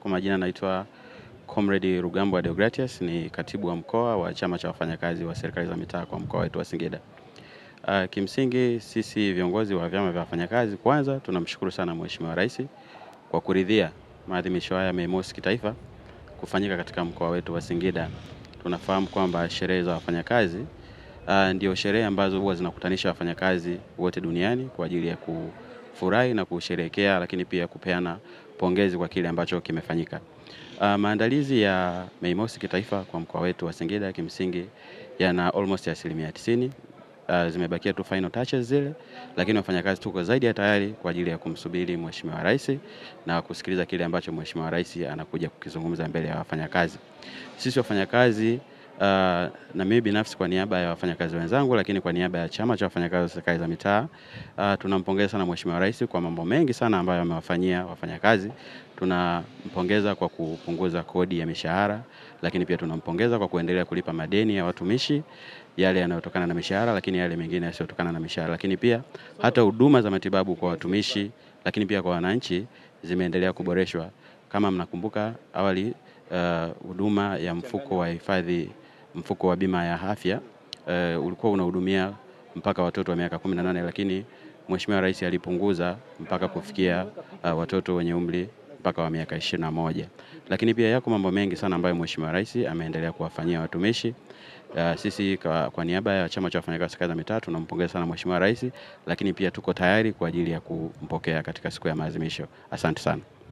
Kwa majina naitwa Comrade Rugambwa Deogratius, ni katibu wa mkoa wa chama cha wafanyakazi wa serikali za mitaa kwa mkoa wetu wa Singida. Uh, kimsingi sisi viongozi wa vyama vya wafanyakazi kwanza tunamshukuru sana Mheshimiwa Rais kwa kuridhia maadhimisho haya Mei Mosi kitaifa kufanyika katika mkoa wetu wa Singida. Tunafahamu kwamba sherehe za wafanyakazi uh, ndio sherehe ambazo huwa zinakutanisha wafanyakazi wote duniani kwa ajili ya kufurahi na kusherehekea, lakini pia kupeana pongezi kwa kile ambacho kimefanyika. Uh, maandalizi ya Mei Mosi kitaifa kwa mkoa wetu wa Singida kimsingi yana almost asilimia tisini. Uh, zimebakia tu final touches zile, lakini wafanyakazi tuko zaidi ya tayari kwa ajili ya kumsubiri Mheshimiwa Rais na kusikiliza kile ambacho Mheshimiwa Rais anakuja kukizungumza mbele ya wafanyakazi. Sisi wafanyakazi Uh, na mimi binafsi kwa niaba ya wafanyakazi wenzangu, lakini kwa niaba ya chama cha wafanyakazi wa serikali za mitaa uh, tunampongeza sana Mheshimiwa Rais kwa mambo mengi sana ambayo amewafanyia wafanyakazi. Tunampongeza kwa kupunguza kodi ya mishahara, lakini pia tunampongeza kwa kuendelea kulipa madeni ya watumishi yale yanayotokana na mishahara, lakini yale mengine yasiyotokana na mishahara, lakini pia hata huduma za matibabu kwa watumishi, lakini pia kwa wananchi zimeendelea kuboreshwa. Kama mnakumbuka awali uh, huduma uh, ya mfuko wa hifadhi mfuko wa bima ya afya uh, ulikuwa unahudumia mpaka watoto wa miaka 18 lakini Mheshimiwa Rais alipunguza mpaka kufikia uh, watoto wenye umri mpaka wa miaka ishirini moja. Lakini pia yako mambo mengi sana ambayo Mheshimiwa Rais ameendelea kuwafanyia watumishi. Uh, sisi kwa, kwa niaba ya chama cha wafanyakazi kata za mitaa tunampongeza sana Mheshimiwa Rais, lakini pia tuko tayari kwa ajili ya kumpokea katika siku ya maadhimisho. Asante sana.